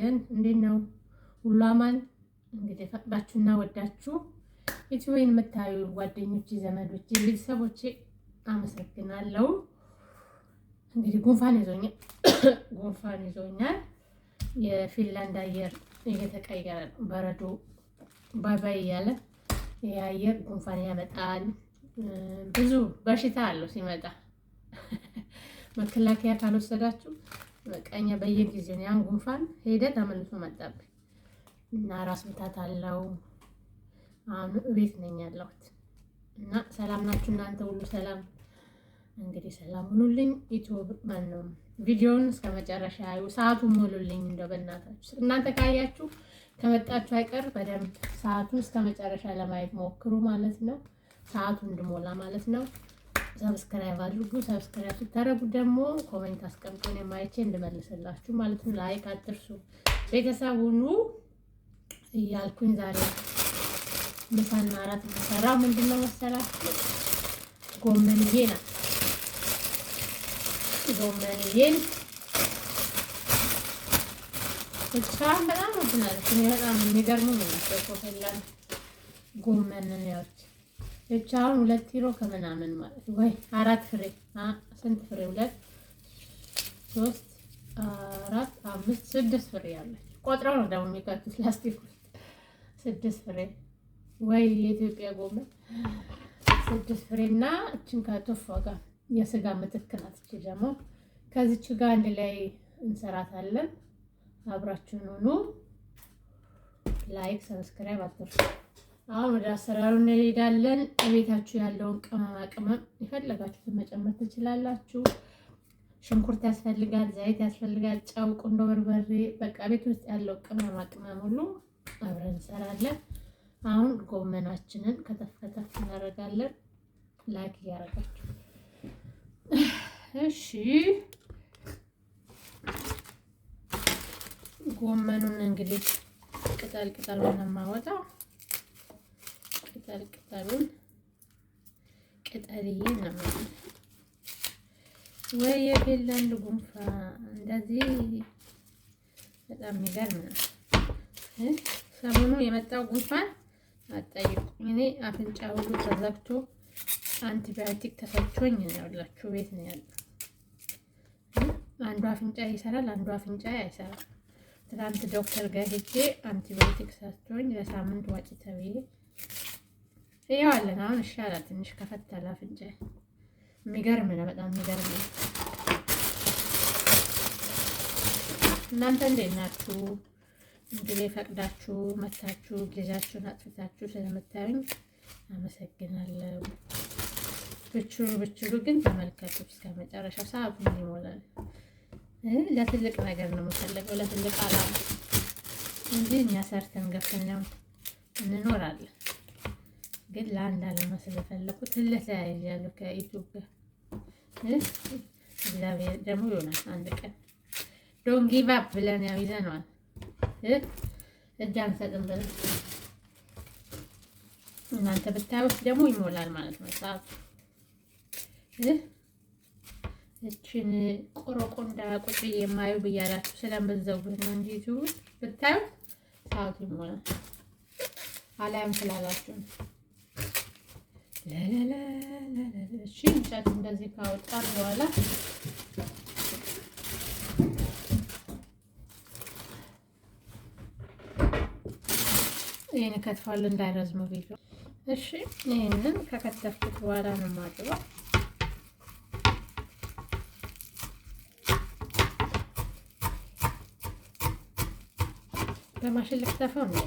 ይመስገን። እንዴት ነው ሁሉ አማን? እንግዲህ ፈቅዳችሁና ወዳችሁ ኢትዮን የምታዩ ጓደኞቼ፣ ዘመዶቼ፣ ቤተሰቦቼ አመሰግናለሁ። እንግዲህ ጉንፋን ይዞኛል፣ ጉንፋን ይዞኛል። የፊንላንድ አየር እየተቀየረ ነው። በረዶ ባይባይ እያለ የአየር ጉንፋን ያመጣል። ብዙ በሽታ አለው ሲመጣ መከላከያ ካልወሰዳችሁ በቀኝ በየጊዜ ነው ያን ጉንፋን ሄደ ተመልሶ መጣብኝ እና ራስ ምታት አለው። አሁን እቤት ነኝ ያለሁት እና ሰላም ናችሁ እናንተ? ሁሉ ሰላም እንግዲህ ሰላም ሁኑልኝ። ዩቲዩብ ማን ነው ቪዲዮውን እስከ መጨረሻ ያዩ ሰዓቱን ሙሉልኝ እንደው በእናታችሁ እናንተ ካያችሁ ከመጣችሁ አይቀር በደንብ ሰዓቱን እስከ መጨረሻ ለማየት ሞክሩ ማለት ነው። ሰዓቱ እንድሞላ ማለት ነው። ሰብስክራይብ አድርጉ። ሰብስክራይብ ስታደርጉ ደግሞ ኮሜንት አስቀምጡ፣ አስቀምጡን የማይቼ እንድመልስላችሁ ማለት ነው። ላይክ አትርሱ፣ ቤተሰብ ሁኑ እያልኩኝ ዛሬ ምሳና አራት ሰራ። ምንድነው መሰላችሁ ጎመንዬ ናት። ጎመንዬን ብቻን በጣም ወድናለች። በጣም የሚገርሙ ነው። ኮፈላ ጎመንን ያዎች ብቻ አሁን ሁለት ኪሎ ከምናምን ማለት ወይ አራት ፍሬ ስንት ፍሬ ሁለት ሶስት አራት አምስት ስድስት ፍሬ ያለች ቆጥረው ነው ደግሞ የሚቀርቱት ላስቲክ ውስጥ ስድስት ፍሬ ወይ የኢትዮጵያ ጎመን ስድስት ፍሬ እና እችን ከቶፋ ጋር የስጋ ምትክ ናት። እች ደግሞ ከዚች ጋር አንድ ላይ እንሰራታለን። አብራችሁን ሁኑ። ላይክ ሰብስክራይብ አትርሱ። አሁን ወደ አሰራሩ እንሄዳለን። ቤታችሁ ያለውን ቅመማ ቅመም የፈለጋችሁትን መጨመር ትችላላችሁ። ሽንኩርት ያስፈልጋል፣ ዘይት ያስፈልጋል፣ ጨው፣ ቁንዶ በርበሬ፣ በቃ ቤት ውስጥ ያለው ቅመማ ቅመም ሁሉ አብረን እንሰራለን። አሁን ጎመናችንን ከተፍ ከተፍ እናደርጋለን። ላክ እያደረጋችሁ እሺ። ጎመኑን እንግዲህ ቅጠል ቅጠል ነው የማወጣው ቅጠል ቅጠሉን ቅጠልዬ ነው ወይ የፊንላንድ ጉንፋ እንደዚህ በጣም የሚገርም ነው። ሰሞኑ የመጣው ጉንፋን አጠይቁ። እኔ አፍንጫ ሁሉ ተዘግቶ አንቲባዮቲክ ተሰቾኝ ነው ቤት ነው ያለ። አንዱ አፍንጫ ይሰራል፣ አንዱ አፍንጫ አይሰራም። ትናንት ዶክተር ጋር ሄጄ አንቲባዮቲክ ሰጥቶኝ ለሳምንት ዋጭ ተብዬ ይኸው አሁን ይሻላል ትንሽ ከፈት ያለ አፍንጫ። የሚገርም ነው በጣም የሚገርም ነው። እናንተ እንዴት ናችሁ? እንግዲህ ፈቅዳችሁ መታችሁ ጊዜያችሁን አጥፍታችሁ ስለምታዩኝ አመሰግናለሁ። ብችሉ ብችሉ ግን ተመልከቱ እስከ መጨረሻው። ሰዓቱ ይሞላል። ለትልቅ ነገር ነው የምፈልገው፣ ለትልቅ አላማ እንጂ እኛ ሰርተን ገፍተኛው እንኖራለን። ግን ለአንድ አለማ ስለፈለኩት ለተያያዣለሁ ከኢትዮጵያ እግዚአብሔር ደግሞ ይሆናል አንድ ቀን ዶንት ጊቭ አፕ ብለን ያው ይዘነዋል። እጅ አንሰጥም ብለን እናንተ ብታዩት ደግሞ ይሞላል ማለት ነው ሰዓቱ። እችን ቆረቆንዳ ቁጭ የማዩ ብያላችሁ ስለምትዘጉት ነው እንጂ ብታዩት ሰዓቱ ይሞላል። አላይም ስላላችሁ እሺ እንጨት እንደዚህ ካወጣ በኋላ ይሄን ከትፋለሁ እንዳይረዝመው ቪዲዮ። እሺ ይሄንን ከከተፍኩት በኋላ ነው የማጥበው። በማሽን ልክተፈው ነው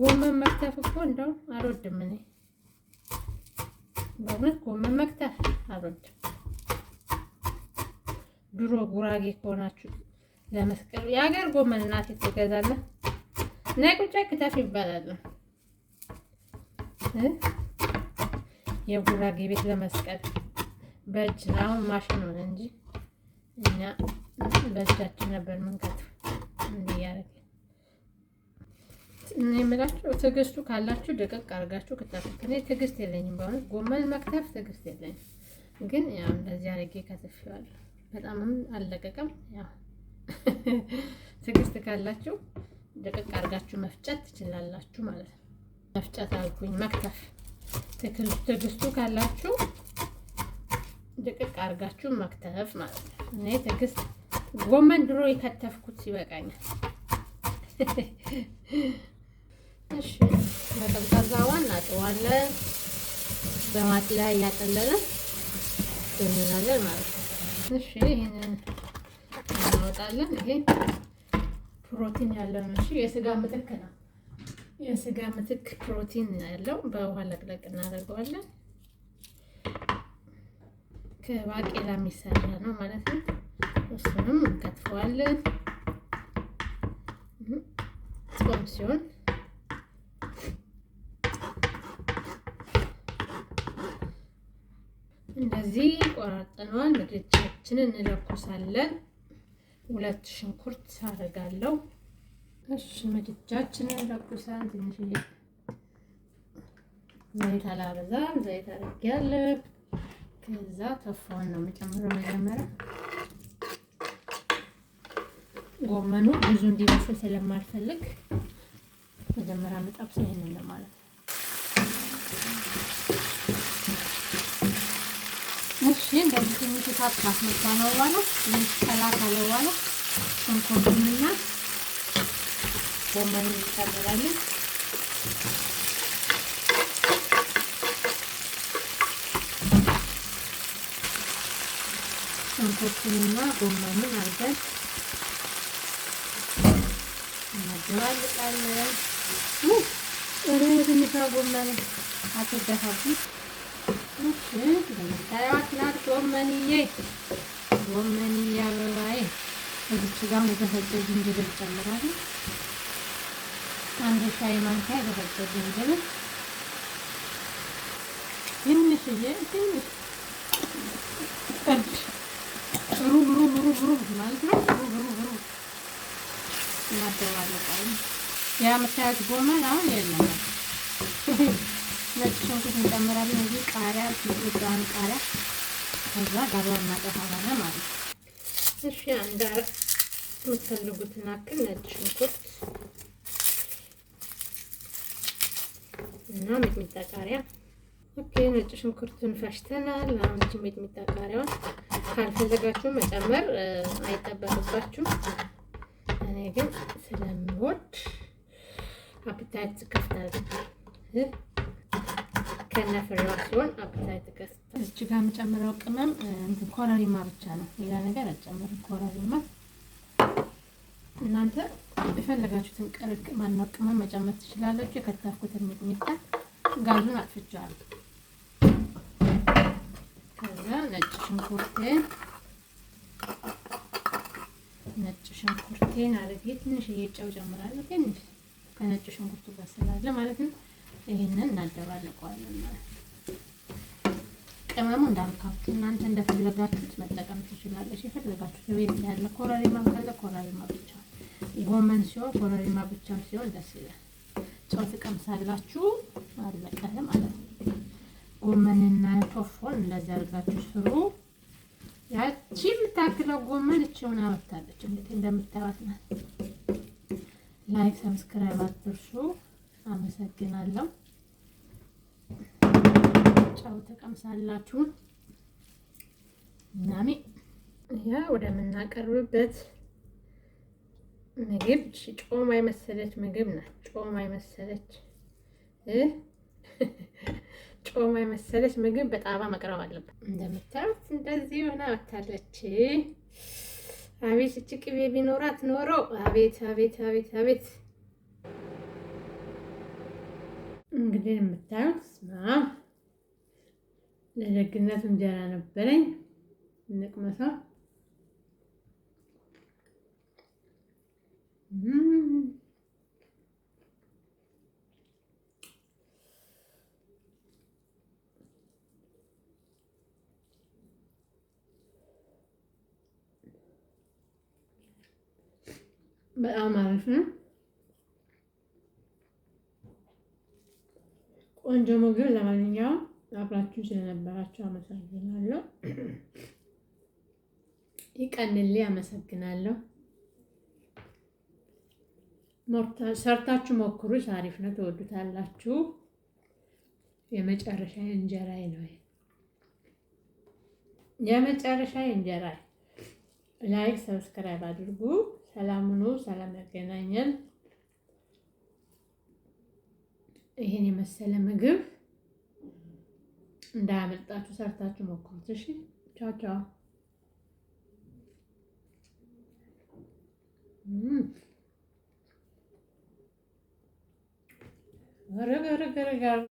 ጎመን መክተፍ እኮ እንደው አልወድም እኔ በእውነት ጎመን መክተፍ አልወድም። ድሮ ጉራጌ ከሆናችሁ ለመስቀል የሀገር ጎመን እናቴ ትገዛለህ ነይ ቁጫ ክተፍ ይባላል። የጉራጌ ቤት ለመስቀል በእጅ ነው። አሁን ማሽን ሆነ እንጂ እኛ በእጃችን ነበር ምንከት እንዲያደርግ የምላችሁ ትዕግስቱ ካላችሁ ደቀቅ አድርጋችሁ ክተፉት። እኔ ትዕግስት የለኝም፣ በእውነት ጎመን መክተፍ ትዕግስት የለኝም። ግን ያው እንደዚህ አድርጌ ከትፌዋለሁ። በጣምም አልለቀቀም። ያው ትዕግስት ካላችሁ ደቀቅ አድርጋችሁ መፍጨት ትችላላችሁ ማለት ነው። መፍጨት አልኩኝ መክተፍ። ትዕግስቱ ካላችሁ ደቀቅ አድርጋችሁ መክተፍ ማለት ነው። እኔ ትዕግስት ጎመን ድሮ የከተፍኩት ይበቃኛል። እሺ በቀዝቃዛ ውሃ እናጥበዋለን። በማት ላይ እያጠለለን እንገናኛለን ማለት ነው። እሺ ይሄንን እናወጣለን። ይሄ ፕሮቲን ያለው ነው። እሺ የስጋ ምትክ ነው። የስጋ ምትክ ፕሮቲን ያለው በውሃ ለቅለቅ እናደርገዋለን። ከባቄላ የሚሰራ ነው ማለት ነው። እሱንም እንከትፈዋለን ጾም ሲሆን እነዚህ ቆራርጠነዋል። ምግጃችንን እንለኩሳለን። ሁለት ሽንኩርት አደርጋለሁ። እሱ ምግጃችንን ለኩሰን ትንሽ ዘይት አላበዛም። ዘይት አድርጌያለሁ። ከዛ ተፋውን ነው የምጨምረው። መጀመሪያ ጎመኑ ብዙ እንዲበስል ስለማልፈልግ መጀመሪያ መጣብሰ ይሄንን ለማለት ነው ይህ እንደዚህ ትንሽ እሳት ካስመጣን በኋላ ትንሽ ቀላ ካለ በኋላ ሽንኩርቱንና እንጨምራለን። ሽንኩርቱንና ጎመኑን አርገን እናገላልጣለን። ጥሩ ትንሿ ጎመን አትደፋብኝ በምታዩት ናት ጎመንዬ፣ ጎመንዬ አበባዬ። እዚች ጋር የተፈጨ ዝንጅብል ጨምራለሁ። አንድ ሻይ ማንኪያ የተፈጨ ዝንጅብል ትንሽዬ ትንሽ ሩብ ሩብ ሩብ ሩብ ማለት ነው። ሩብ ሩብ ሩብ እናደባለቃለን። ያ የምታዩት ጎመን አሁን የለም ነጭ ሽንኩርት እንጨምራለን። እዚህ ቃሪያ ብቻውን ቃሪያ ከዛ ዳቦ ማጠፋ ማለት ነው። እሺ እንደ የምትፈልጉትን አክል ነጭ ሽንኩርት እና ሚጥሚጣ ቃሪያ። ኦኬ ነጭ ሽንኩርቱን ፈሽተናል። አሁን እዚህ ሚጥሚጣ ቃሪያውን ካልፈለጋችሁ መጨመር አይጠበቅባችሁ። እኔ ግን ስለምወድ አፕታይት ከፍታለሁ። ከነፍሬዋ ሲሆን አብታይ ተከስተ እዚህ ጋር የምጨምረው ቅመም እንትን ኮረሪማ ብቻ ነው፣ ሌላ ነገር አልጨምርም። ኮረሪማ እናንተ የፈለጋችሁትን ቅርቅ ማነው ቅመም መጨመር ትችላላችሁ። የከተፍኩትን ሚጥሚጣ ጋዙን አጥፍቻለሁ። ከዛ ነጭ ሽንኩርቴን ነጭ ሽንኩርቴን አረጌ ትንሽ ጨው ጨምራለሁ። ትንሽ ከነጭ ሽንኩርቱ ጋር ስላለ ማለት ነው ይህንን እናደባልቀዋለን ማለት ነው። ቅመሙ እንዳልካችሁ እናንተ እንደፈለጋችሁት መጠቀም ትችላለች። የፈለጋችሁት ቤት ያለ ኮረሪማ ካለ ኮረሪማ ብቻ፣ የጎመን ሲሆን ኮረሪማ ብቻም ሲሆን ደስ ይላል። ጨው ትቀምሳላችሁ፣ አለቀለ ማለት ነው። ጎመንና ቶፎን እንደዚህ አድርጋችሁ ስሩ። ያቺ የምታክለው ጎመን እችውን አወጣለች። እንግዲህ እንደምታዩት ናት። ላይክ ሰብስክራይብ አትርሱ። አመሰግናለሁ። ጨው ተቀምሳላችሁ ናሚ ያ ወደ ምናቀርብበት ምግብ ጮማ የመሰለች ምግብ ናት። ጮማ የመሰለች ጮማ የመሰለች ምግብ በጣባ መቅረብ አለበት። እንደምታዩት እንደዚህ ሆና ወታለች። አቤት እች ቅቤ ቢኖራት ኖሮ አቤት አቤት አቤት አቤት እንግዲህ የምታዩት ስማም ለደግነቱ እንጀራ ነበረኝ። እንቅመሰው በጣም አሪፍ ነው። ቆንጆ ምግብ። ለማንኛውም አብራችሁን ስለነበራችሁ አመሰግናለሁ። ይቀንል። አመሰግናለሁ። ሰርታችሁ ሞክሩ አሪፍ ነው፣ ትወዱታላችሁ። የመጨረሻ እንጀራይ ነው። የመጨረሻ እንጀራዬ። ላይክ ሰብስክራይብ አድርጉ። ሰላም ሁኑ። ሰላም ያገናኘን። ይሄን የመሰለ ምግብ እንዳያመልጣችሁ ሰርታችሁ ሞክሩት። እሺ፣ ቻው ቻው። ረግ